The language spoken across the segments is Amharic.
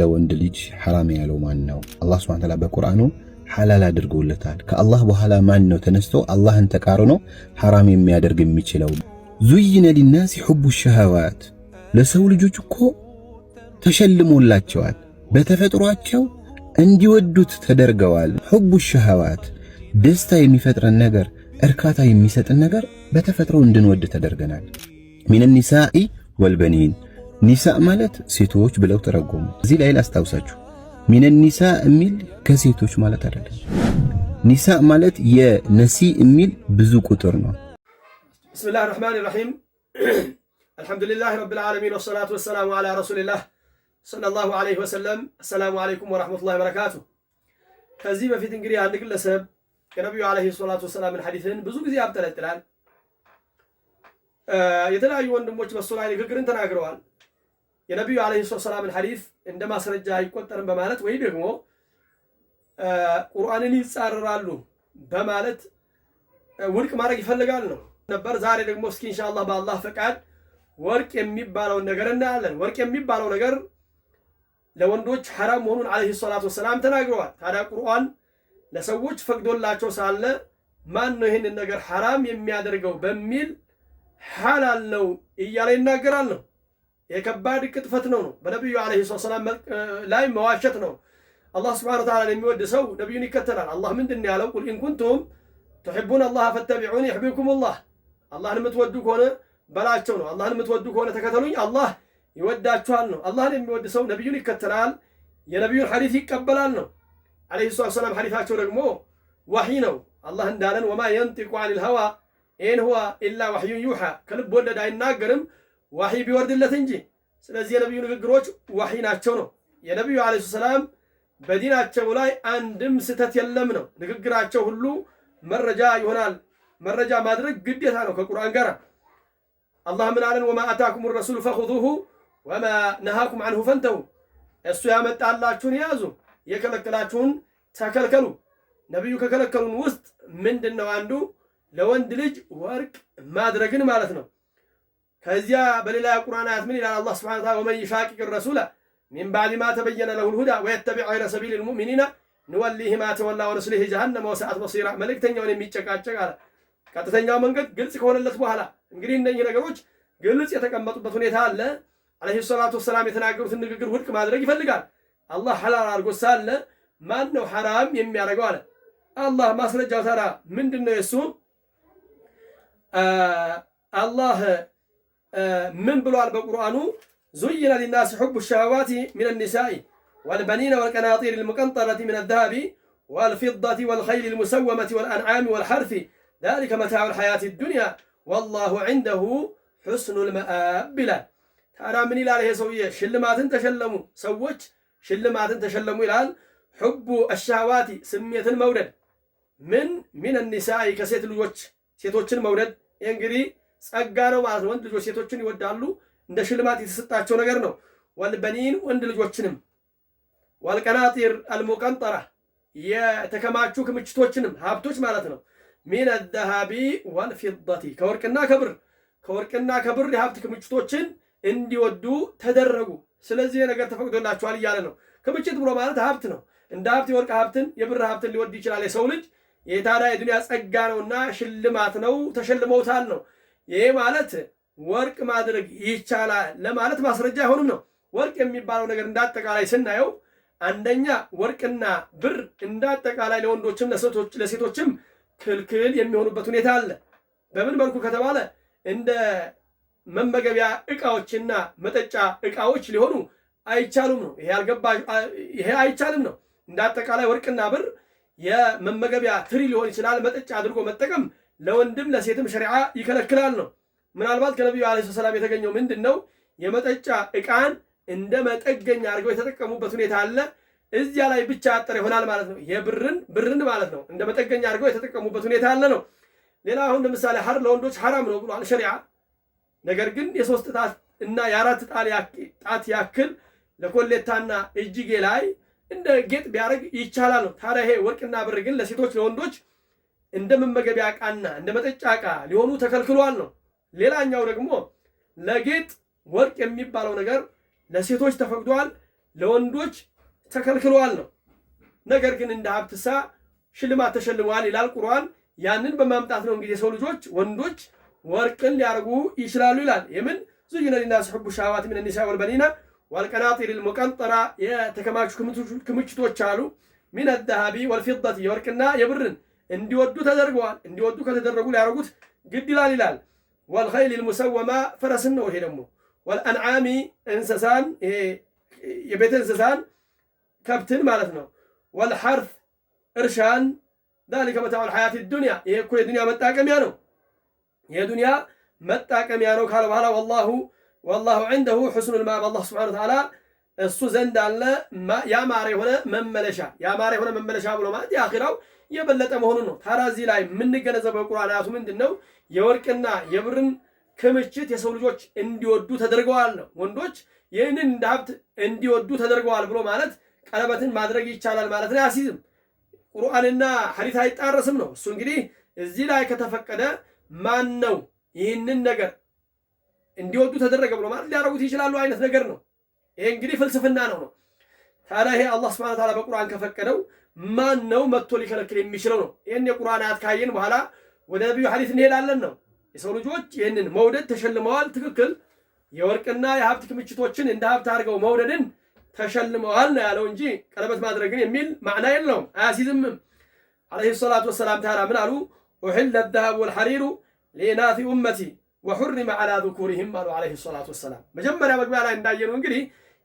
ለወንድ ልጅ ሐራም ያለው ማን ነው? አላህ ሱብሓነሁ ወተዓላ በቁርአኑ ሐላል አድርጎለታል። ከአላህ በኋላ ማን ነው ተነስቶ አላህን ተቃርኖ ሐራም የሚያደርግ የሚችለው? ዙይነ ሊናሲ ሑቡ ሸሃዋት ለሰው ልጆች እኮ ተሸልሞላቸዋል። በተፈጥሯቸው እንዲወዱት ተደርገዋል። ሑቡ ሸሃዋት ደስታ የሚፈጥረን ነገር፣ እርካታ የሚሰጥን ነገር በተፈጥሮ እንድንወድ ተደርገናል። ሚነ ኒሳኢ ወልበኒን ኒሳ ማለት ሴቶች ብለው ተረጎሙ። እዚህ ላይ ላስታውሳችሁ ሚነ ኒሳ የሚል ከሴቶች ማለት አይደለም። ኒሳ ማለት የነሲ የሚል ብዙ ቁጥር ነው። ብስሚላህ ራህማን ራሒም አልሐምዱሊላህ ረብል ዓለሚን ወሰላቱ ወሰላሙ ዓላ ረሱሊላህ ሰለላሁ ዓለይሂ ወሰለም። አሰላሙ ዓለይኩም ወረሕመቱላሂ በረካቱ። ከዚህ በፊት እንግዲህ አንድ ግለሰብ የነቢዩ ዓለይሂ ሰላቱ ወሰላምን ሐዲስን ብዙ ጊዜ ያብጠለጥላል። የተለያዩ ወንድሞች በሱ ላይ ንግግርን ተናግረዋል። የነቢዩ ዓለይሂ ሰላምን ሐዲስ እንደ ማስረጃ አይቆጠርም በማለት ወይ ደግሞ ቁርአንን ይጻረራሉ በማለት ውድቅ ማድረግ ይፈልጋል ነው ነበር። ዛሬ ደግሞ እስኪ ኢንሻአላህ በአላህ ፈቃድ ወርቅ የሚባለውን ነገር እናያለን። ወርቅ የሚባለው ነገር ለወንዶች ሐራም መሆኑን ዓለይሂ ሰላቱ ወሰላም ተናግረዋል። ታዲያ ቁርአን ለሰዎች ፈቅዶላቸው ሳለ ማን ነው ይህንን ነገር ሐራም የሚያደርገው በሚል ሐላል ነው እያለ ይናገራል ነው የከባድ ቅጥፈት ነው ነው በነቢዩ ዓለይሂ ሰላም ላይ መዋሸት ነው። አላህ ስብሐነሁ ወተዓላ የሚወድ ሰው ነቢዩን ይከተላል። አላህ ምንድን ያለው? ቁል ኢን ኩንቱም ቱሒቡነ አላህ ፈተቢዑኒ ዩሕቢብኩሙላህ አላህን የምትወዱ ከሆነ በላቸው ነው። አላህን የምትወዱ ከሆነ ተከተሉኝ፣ አላህ ይወዳችኋል ነው። አላህን የሚወድ ሰው ነቢዩን ይከተላል፣ የነቢዩን ሐዲስ ይቀበላል ነው። ዓለይሂ ሰላም ሐዲሳቸው ደግሞ ዋሂ ነው። አላህ እንዳለን ወማ የንጢቁ አኒል ሀዋ ኢን ሁዋ ኢላ ዋሕዩን ዩሓ ከልብ ወለድ አይናገርም ዋሂ ቢወርድለት እንጂ። ስለዚህ የነቢዩ ንግግሮች ዋሂ ናቸው ነው። የነቢዩ ዓለይሂ ሰላም በዲናቸው ላይ አንድም ስህተት የለም ነው። ንግግራቸው ሁሉ መረጃ ይሆናል። መረጃ ማድረግ ግዴታ ነው ከቁርአን ጋር። አላህ ምን አለን? ወማ አታኩም ረሱል ፈኹዙሁ ወማ ነሃኩም አንሁ ፈንተሁ። እሱ ያመጣላችሁን ያዙ፣ የከለከላችሁን ተከልከሉ። ነቢዩ ከከለከሉን ውስጥ ምንድን ነው አንዱ ለወንድ ልጅ ወርቅ ማድረግን ማለት ነው። ከዚያ በሌላ ቁርአን አያት ምን ይላል አላህ ስብሐነ ወተዓላ ወመን ይሻቂቅ ረሱለ ሚን ባዕድ ማ ተበየነ ለሁል ሁዳ ወየተቢዕ ገይረ ሰቢሊል ሙእሚኒና ንወሊህ ማ ተወላ ወነስሊህ ጀሀነመ ወሰዓት መሲራ። መልእክተኛውን የሚጨቃጨቅ አለ ቀጥተኛው መንገድ ግልጽ ከሆነለት በኋላ እንግዲህ እነኚህ ነገሮች ግልጽ የተቀመጡበት ሁኔታ አለ። ዓለይሂ ሰላቱ ወሰላም የተናገሩትን ንግግር ውድቅ ማድረግ ይፈልጋል። አላህ ሐላል አድርጎ ሳለ ማን ነው ሐራም የሚያደርገው? አለ አላህ ማስረጃው ታዲያ ምንድን ነው? የእሱ አላህ ምን ብሏል በቁርአኑ ዙይነ ሊናስ ሑቡ ሸሃዋት ምን አልኒሳኢ ወልበኒነ ወልቀናጢር ልሙቀንጠረት ምን አልዛሃቢ ወልፊዳት ወልኸይል ልሙሰወመት ወልአንዓም ወልሐርፊ ዛሊከ መታዑ ልሐያት ዱንያ ወላሁ ዐንደሁ ሑስኑ ልመአብ ይላል። ታዲያ ምን ይላል ይሄ ሰውዬ? ሽልማትን ተሸለሙ ሰዎች ሽልማትን ተሸለሙ ይላል። ሑቡ አሻዋቲ ስሜትን መውደድ ምን ሚን ኒሳኢ ከሴት ልጆች ሴቶችን መውደድ እንግዲህ ጸጋ ነው ማለት ነው። ወንድ ልጆች ሴቶችን ይወዳሉ፣ እንደ ሽልማት የተሰጣቸው ነገር ነው። ወልበኒን ወንድ ልጆችንም፣ ወልቀናጢር አልሙቀንጠራ የተከማቹ ክምችቶችንም ሀብቶች ማለት ነው። ሚን አዘሃቢ ወልፊደቲ ከወርቅና ከብር ከወርቅና ከብር የሀብት ክምችቶችን እንዲወዱ ተደረጉ። ስለዚህ ነገር ተፈቅዶላቸዋል እያለ ነው። ክምችት ብሎ ማለት ሀብት ነው። እንደ ሀብት የወርቅ ሀብትን የብር ሀብትን ሊወድ ይችላል የሰው ልጅ የታዳ የዱንያ ጸጋ ነውና ሽልማት ነው። ተሸልመውታል ነው ይህ ማለት ወርቅ ማድረግ ይቻላል ለማለት ማስረጃ አይሆንም ነው። ወርቅ የሚባለው ነገር እንዳጠቃላይ ስናየው አንደኛ ወርቅና ብር እንዳጠቃላይ ለወንዶችም ለሴቶችም ክልክል የሚሆኑበት ሁኔታ አለ። በምን መልኩ ከተባለ እንደ መመገቢያ እቃዎችና መጠጫ እቃዎች ሊሆኑ አይቻሉም ነው። ይሄ አይቻልም ነው። እንዳጠቃላይ ወርቅና ብር የመመገቢያ ትሪ ሊሆን ይችላል መጠጫ አድርጎ መጠቀም ለወንድም ለሴትም ሸሪዓ ይከለክላል ነው። ምናልባት ከነቢዩ ዓለይሂ ሰላም የተገኘው ምንድን ነው? የመጠጫ ዕቃን እንደ መጠገኛ አድርገው የተጠቀሙበት ሁኔታ አለ። እዚያ ላይ ብቻ አጠር ይሆናል ማለት ነው። የብርን ብርን ማለት ነው እንደ መጠገኛ አድርገው የተጠቀሙበት ሁኔታ አለ ነው። ሌላ አሁን ለምሳሌ ሀር ለወንዶች ሐራም ነው ብሏል ሸሪዓ። ነገር ግን የሶስት ጣት እና የአራት ጣት ያክል ለኮሌታና እጅጌ ላይ እንደ ጌጥ ቢያደርግ ይቻላል ነው። ታዲያ ይሄ ወርቅና ብር ግን ለሴቶች ለወንዶች እንደ መመገቢያ ዕቃና እንደ መጠጫ ዕቃ ሊሆኑ ተከልክሏል ነው። ሌላኛው ደግሞ ለጌጥ ወርቅ የሚባለው ነገር ለሴቶች ተፈቅዷል፣ ለወንዶች ተከልክሏል ነው። ነገር ግን እንደ ሀብትሳ ሽልማት ተሸልሟል ይላል ቁርአን። ያንን በማምጣት ነው እንግዲህ የሰው ልጆች ወንዶች ወርቅን ሊያርጉ ይችላሉ ይላል። የምን ዙይነ ሊናስ ሑቡ ሻዋት ሚን ኒሳ ወልበኒና ወልቀናጢሪል ሙቀንጠራ የተከማቹ ክምችቶች አሉ ሚን ዳሃቢ ወልፊደቲ የወርቅና የብርን እንዲወዱ ተደርገዋል። እንዲወዱ ከተደረጉ ሊያደርጉት ግድ ይላል ይላል። ወልኸይል ልሙሰወማ ፈረስን ነው ይሄ ደግሞ ወልአንዓሚ እንስሳን የቤተ እንስሳን ከብትን ማለት ነው። ወልሐርፍ እርሻን ዛሊከ መታዑል ሐያት ዱንያ ይሄ እኮ የዱንያ መጣቀሚያ ነው። የዱንያ መጣቀሚያ ነው ካለ በኋላ ወላሁ ወላሁ ዐንደሁ ሑስኑል ማአብ አላህ ስብሓነሁ ወተዓላ እሱ ዘንድ አለ ያማረ የሆነ መመለሻ። ያማረ የሆነ መመለሻ ብሎ ማለት የአኺራው የበለጠ መሆኑን ነው። ታዲያ እዚህ ላይ የምንገነዘበው ቁርአን አያቱ ምንድን ነው? የወርቅና የብርን ክምችት የሰው ልጆች እንዲወዱ ተደርገዋል ነው። ወንዶች ይህንን እንደ ሀብት እንዲወዱ ተደርገዋል ብሎ ማለት ቀለበትን ማድረግ ይቻላል ማለት ነው። ያሲዝም ቁርአንና ሐዲት አይጣረስም ነው። እሱ እንግዲህ እዚህ ላይ ከተፈቀደ ማን ነው ይህንን ነገር እንዲወዱ ተደረገ ብሎ ማለት ሊያደርጉት ይችላሉ አይነት ነገር ነው። ይሄ እንግዲህ ፍልስፍና ነው ነው። ታዲያ ይሄ አላህ ስብሐነ ተዓላ በቁርአን ከፈቀደው ማን ነው መጥቶ ሊከለክል የሚችለው ነው? ይህን የቁርአን አያት ካየን በኋላ ወደ ነቢዩ ሐዲስ እንሄዳለን ነው። የሰው ልጆች ይህንን መውደድ ተሸልመዋል። ትክክል። የወርቅና የሀብት ክምችቶችን እንደ ሀብት አድርገው መውደድን ተሸልመዋል ነው ያለው እንጂ ቀለበት ማድረግን የሚል ማዕና የለውም፣ አያሲዝምም። ዓለይሂ ሰላቱ ወሰላም ታላ ምን አሉ? ኡሒለ ዘሀብ ወልሐሪሩ ሊኢናሲ ኡመቲ ወሑሪመ ዓላ ዙኩሪሂም አሉ ዓለይሂ ሰላቱ ወሰላም። መጀመሪያ መግቢያ ላይ እንዳየነው እንግዲህ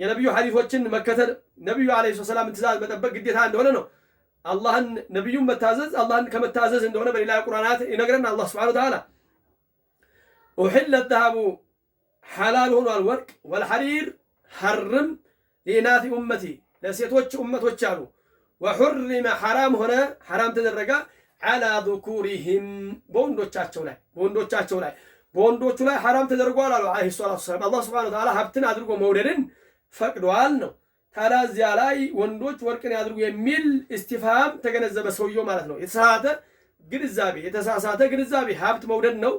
የነቢዩ ሐዲሶችን መከተል ነቢዩ ዓለይሂ ሰላም ትእዛዝ መጠበቅ ግዴታ እንደሆነ ነው። አላህን ነቢዩን መታዘዝ አላህን ከመታዘዝ እንደሆነ በሌላ ቁርአናት ይነግረን አላህ ሱብሓነሁ ወተዓላ ኡሒለት ዘሃቡ ሓላል ሆኗል ወርቅ ወልሐሪር ሐርም ሊኢናቲ ኡመቲ ለሴቶች ኡመቶች አሉ ወሑሪመ ሐራም ሆነ ሐራም ተደረገ ዓላ ዙኩሪህም በወንዶቻቸው ላይ በወንዶቻቸው ላይ በወንዶቹ ላይ ሐራም ተደርጓል አሉ ዓለይሂ ሰላቱ ወሰላም አላህ ሱብሓነሁ ወተዓላ ሀብትን አድርጎ መውደድን ፈቅዷል ነው። ታዲያ እዚያ ላይ ወንዶች ወርቅን ያድርጉ የሚል እስቲፋም ተገነዘበ ሰውየው ማለት ነው። የተሳሳተ ግንዛቤ የተሳሳተ ግንዛቤ ሀብት መውደድ ነው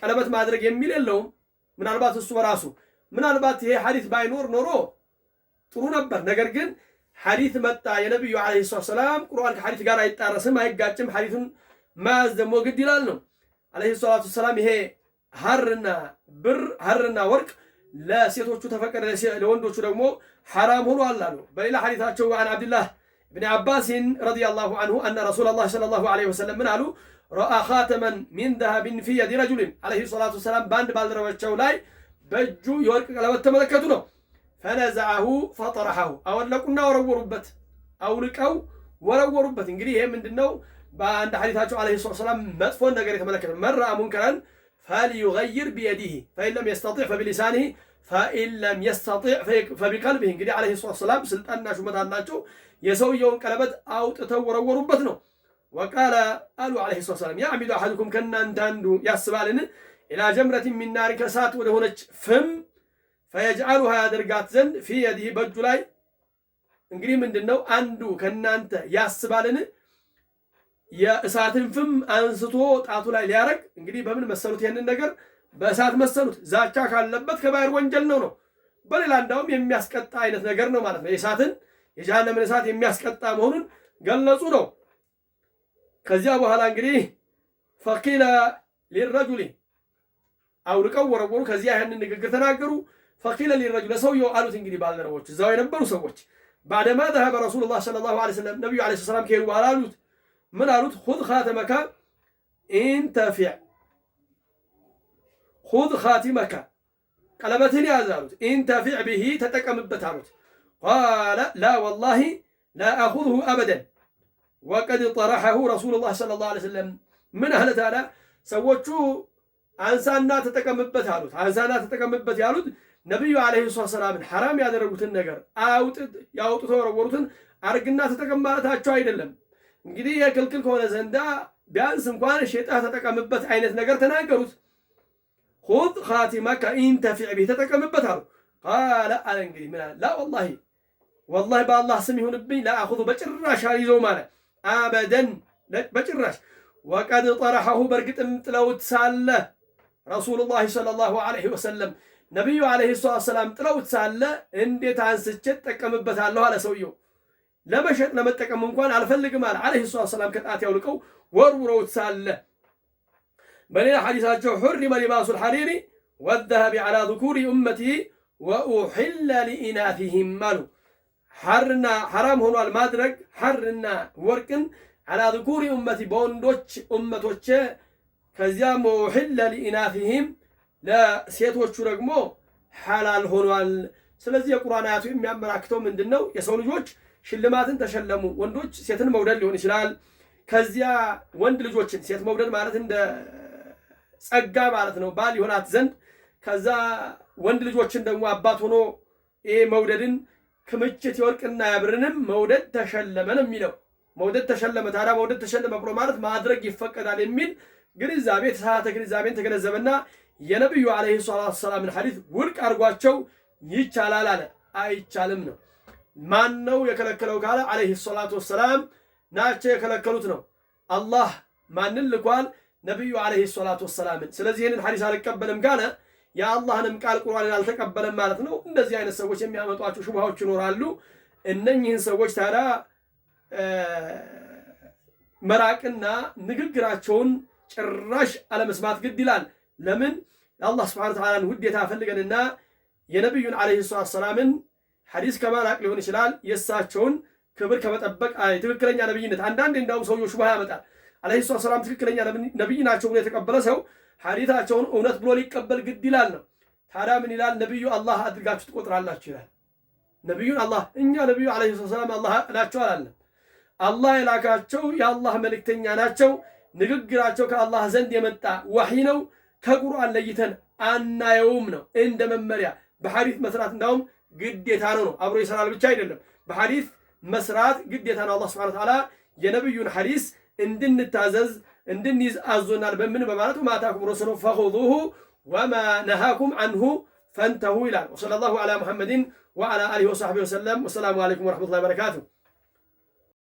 ቀለበት ማድረግ የሚል የለውም። ምናልባት እሱ በራሱ ምናልባት ይሄ ሐዲት ባይኖር ኖሮ ጥሩ ነበር። ነገር ግን ሐዲት መጣ የነቢዩ ዓለይሂ ሰላም ወሰላም ቁርአን ከሐዲት ጋር አይጣረስም፣ አይጋጭም። ሐዲቱን መያዝ ደግሞ ግድ ይላል ነው ዓለይሂ ሰላቱ ሰላም ይሄ ሀርና ብር ሀርና ወርቅ ለሴቶቹ ተፈቀደ፣ ለወንዶቹ ደግሞ ሐራም ሆኗል አላሉ በሌላ ሐዲታቸው አን አብድላህ ብን አባሲን ረዲየላሁ አንሁ አነ ረሱለላህ ሰለላሁ ዐለይሂ ወሰለም ምን አሉ? ረአ ኻተመን ሚን ዳሃቢን ፊ የዲ ረጁሊን ዐለይሂ ሰላቱ ወሰላም በአንድ ባልደረባቸው ላይ በእጁ የወርቅ ቀለበት ተመለከቱ ነው። ፈነዘዐሁ ፈጠረሐሁ አወለቁና ወረወሩበት፣ አውልቀው ወረወሩበት። እንግዲህ ይሄ ምንድነው? በአንድ ሐዲታቸው ዐለይሂ ሰላቱ ወሰላም መጥፎን ነገር የተመለከተ መራ ሙንከረን ፈልዩገይር ቢየዲህ ፈኢንለም የስተጢዕ ፈቢሊሳኒህ ፈኢንለም የስተጢዕ ፈቢቀልቢህ። እንግዲህ ዓለይሂ ሰላቱ ወሰላም ስልጣንና ሹመት አላቸው። የሰውየውን ቀለበት አውጥተው ወረወሩበት ነው። ወቃለ አሉ ዓለይሂ ሰላቱ ወሰላም ያዕሚዱ አሐዱኩም ከእናንተ አንዱ ያስባልን ኢላ ጀምረቲን ሚን ናሪን ከእሳት ወደሆነች ፍም ፈየጅአሉሃ ያደርጋት ዘንድ ፊ የዲህ በእጁ ላይ እንግዲህ ምንድን ነው አንዱ ከእናንተ ያስባልን የእሳትን ፍም አንስቶ ጣቱ ላይ ሊያረግ እንግዲህ በምን መሰሉት? ይህንን ነገር በእሳት መሰሉት። ዛቻ ካለበት ከባይር ወንጀል ነው ነው በሌላ እንዳውም የሚያስቀጣ አይነት ነገር ነው ማለት ነው። የእሳትን የጀሃነምን እሳት የሚያስቀጣ መሆኑን ገለጹ ነው። ከዚያ በኋላ እንግዲህ ፈኪለ ሊረጁሊ አውልቀው ወረወሩ። ከዚያ ያንን ንግግር ተናገሩ። ፈኪለ ሊረጁ ለሰውየው አሉት እንግዲህ ባልደረቦች፣ እዛው የነበሩ ሰዎች ባደማ ዛሀበ ረሱሉላህ ሰለላሁ ዐለይሂ ወሰለም ነቢዩ ዐለይሂ ሰላም ከሄዱ በኋላ አሉት ምን አሉት? ሁዝ ኻተመካ ኢንተፊዕ፣ ሁዝ ኻቲመካ ቀለበትን ያዝ አሉት። ኢንተፊዕ ብሂ ተጠቀምበት አሉት። ቃለ ላ ወላሂ ላ አኹዝሁ አበደን ወቀድ ጠረሐሁ ረሱሉላህ ሰለላሁ ዐለይሂ ወሰለም ምን አለ ታዲያ ሰዎቹ አንሳና ተጠቀምበት አሉት። አንሳና ተጠቀምበት ያሉት ነቢዩ ዓለይሂ ሰላቱ ሐራም ያደረጉትን ነገር አውጥቶ የወረወሩትን አርግና ተጠቀም ማለታቸው አይደለም። እንግዲህ የክልክል ከሆነ ዘንዳ ቢያንስ እንኳን ሸጣ ተጠቀምበት አይነት ነገር ተናገሩት። ሁዝ ኻቲመከ ኢንተፊዕ ቢህ ተጠቀምበት አሉ። ቃለ አለ እንግዲህ ምን አለ? ላ ወላሂ ወላሂ በአላህ ስም ይሁንብኝ ለአኹዙ በጭራሽ አልይዘው ማለት አበደን በጭራሽ ወቀድ ጠረሐሁ በእርግጥም ጥለውት ሳለ ረሱሉላህ ሰለላሁ ዐለይሂ ወሰለም ነቢዩ ዐለይሂ ሰላም ጥለውት ሳለ እንዴት አንስቼ ትጠቀምበታለሁ አለ ሰውየው። ለመሸጥ ለመጠቀም እንኳን አልፈልግም አለ አለይሂ ሰላቱ ሰላም ከጣት ያውልቀው ወርውረውት ሳለ በሌላ ሐዲሳቸው ሑሪመ ሊባሱ ልሐሪሪ ወዘሀቢ ዐላ ዙኩሪ ኡመቲ ወኡሕለ ሊኢናፊህም አሉ። ሐርና ሐራም ሆኗል ማድረግ ሐርና ወርቅን ዐላ ዙኩሪ ኡመቲ በወንዶች ኡመቶቼ ከዚያም ወኡሕለ ሊኢናፊህም ለሴቶቹ ደግሞ ሐላል ሆኗል። ስለዚህ የቁርአን አያቱ የሚያመላክተው ምንድን ነው? የሰው ልጆች ሽልማትን ተሸለሙ። ወንዶች ሴትን መውደድ ሊሆን ይችላል። ከዚያ ወንድ ልጆችን ሴት መውደድ ማለት እንደ ጸጋ ማለት ነው፣ ባል ይሆናት ዘንድ ከዛ ወንድ ልጆችን ደግሞ አባት ሆኖ ይሄ መውደድን ክምችት የወርቅና ያብርንም መውደድ ተሸለመ ነው የሚለው። መውደድ ተሸለመ። ታዲያ መውደድ ተሸለመ ብሎ ማለት ማድረግ ይፈቀዳል የሚል ግንዛቤ የተሳሳተ ግንዛቤን ተገነዘበና የነቢዩ ዓለይሂ ሰላቱ ሰላምን ሐዲስ ውድቅ አድርጓቸው ይቻላል አለ፣ አይቻልም ነው። ማን ነው የከለከለው ካለ አለይሂ ሰላቱ ወሰላም ናቸው የከለከሉት ነው። አላህ ማንን ልኳል? ነቢዩ አለይሂ ሰላቱ ወሰላምን። ስለዚህ ይህንን ሐዲስ አልቀበልም ካለ የአላህንም ቃል ቁርአንን አልተቀበለም ማለት ነው። እንደዚህ አይነት ሰዎች የሚያመጧቸው ሹብሃዎች ይኖራሉ። እነኚህን ሰዎች ታዲያ መራቅና ንግግራቸውን ጭራሽ አለመስማት ግድ ይላል። ለምን? የአላህ ስብሐነ ወተዓላን ውዴታ ፈልገንና የነቢዩን አለይሂ ሰላምን ሐዲስ አቅ ሊሆን ይችላል የእሳቸውን ክብር ከመጠበቅ ትክክለኛ ነብይነት። አንዳንዴ እንዳውም ሰውየው ሹባ ያመጣል። አለይሂ ሰላም ትክክለኛ ነብይ ናቸው ብሎ የተቀበለ ሰው ሐዲታቸውን እውነት ብሎ ሊቀበል ግድ ይላል ነው። ታዲያ ምን ይላል? ነብዩ አላህ አድርጋችሁ ትቆጥራላችሁ ይላል። ነብዩን አላህ እኛ ነብዩ አለይሂ ሰላም አላህ ናቸው አላለም። አላህ የላካቸው የአላህ መልእክተኛ ናቸው። ንግግራቸው ከአላህ ዘንድ የመጣ ወሕይ ነው። ከቁርአን ለይተን አናየውም ነው እንደ መመሪያ በሐዲት መስራት እንዳውም ግዴታ ነው። አብሮ ይሰራል ብቻ አይደለም። በሐዲስ መስራት ግዴታ ነው። አላህ ሱብሓነሁ ወተዓላ የነብዩን ሐዲስ እንድንታዘዝ እንድንይዝ አዞናል። በምን በማለቱ ማታኩም ረሱሉ ፈኹዙሁ ወማ ነሃኩም አንሁ ፈንተሁ ይላል። ወሰለላሁ ዐላ ሙሐመድን ወዐላ አሊሂ ወሰሐቢሂ ወሰለም። ወሰላሙ አለይኩም ወረሕመቱላሂ ወበረካቱሁ